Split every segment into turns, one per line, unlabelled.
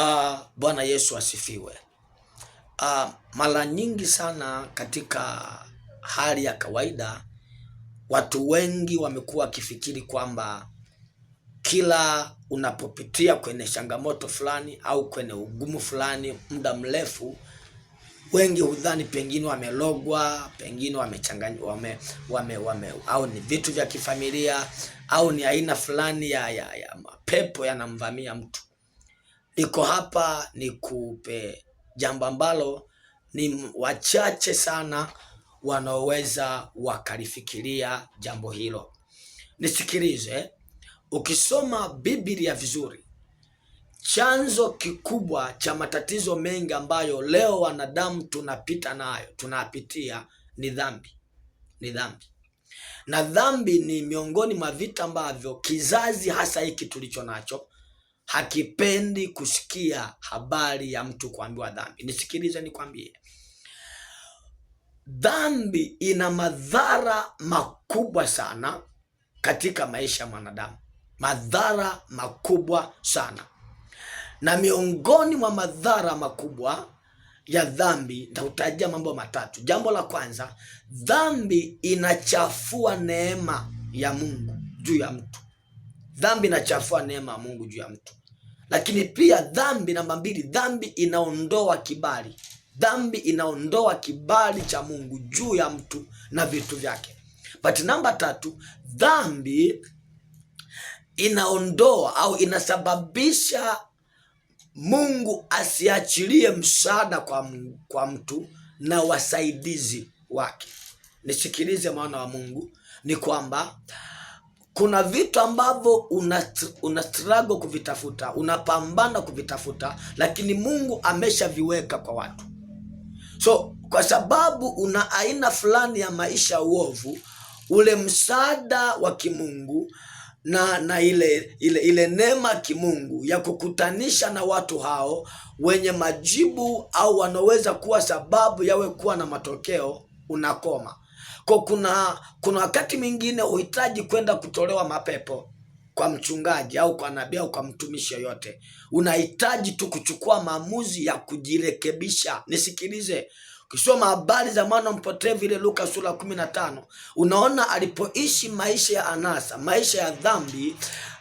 Uh, Bwana Yesu asifiwe. Uh, mara nyingi sana katika hali ya kawaida watu wengi wamekuwa wakifikiri kwamba kila unapopitia kwenye changamoto fulani au kwenye ugumu fulani muda mrefu, wengi hudhani pengine wamelogwa, pengine wamechanganywa, wame, wame, wame, au ni vitu vya kifamilia au ni aina fulani ya, ya, ya mapepo yanamvamia mtu niko hapa nikupe jambo ambalo ni wachache sana wanaoweza wakalifikiria jambo hilo. Nisikilize, ukisoma Biblia vizuri, chanzo kikubwa cha matatizo mengi ambayo leo wanadamu tunapita nayo tunapitia ni dhambi, ni dhambi na dhambi ni miongoni mwa vita ambavyo kizazi hasa hiki tulicho nacho hakipendi kusikia habari ya mtu kuambiwa dhambi. Nisikilize nikwambie, dhambi ina madhara makubwa sana katika maisha ya mwanadamu, madhara makubwa sana. Na miongoni mwa madhara makubwa ya dhambi nitakutajia mambo matatu. Jambo la kwanza, dhambi inachafua neema ya Mungu juu ya mtu. Dhambi inachafua neema ya Mungu juu ya mtu. Lakini pia dhambi namba mbili, dhambi inaondoa kibali. Dhambi inaondoa kibali cha Mungu juu ya mtu na vitu vyake. But namba tatu, dhambi inaondoa au inasababisha Mungu asiachilie msaada kwa, kwa mtu na wasaidizi wake. Nisikilize, mwana wa Mungu, ni kwamba kuna vitu ambavyo una, struggle kuvitafuta, unapambana kuvitafuta, lakini Mungu ameshaviweka kwa watu. So kwa sababu una aina fulani ya maisha uovu, ule msaada wa kimungu na na ile ile ile neema kimungu ya kukutanisha na watu hao wenye majibu au wanaweza kuwa sababu yawe kuwa na matokeo unakoma. Kwa kuna kuna wakati mwingine uhitaji kwenda kutolewa mapepo kwa mchungaji au kwa nabii au kwa mtumishi yoyote, unahitaji tu kuchukua maamuzi ya kujirekebisha. Nisikilize, ukisoma habari za mwana mpotevu ile Luka sura kumi na tano unaona alipoishi maisha ya anasa, maisha ya dhambi,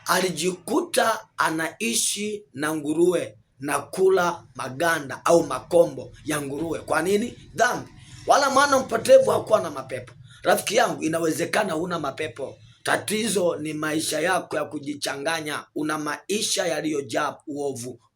alijikuta anaishi na nguruwe na kula maganda au makombo ya nguruwe. Kwa nini? Dhambi wala maana mpotevu hakuwa na mapepo. Rafiki yangu, inawezekana huna mapepo. Tatizo ni maisha yako ya kujichanganya. Una maisha yaliyojaa uovu.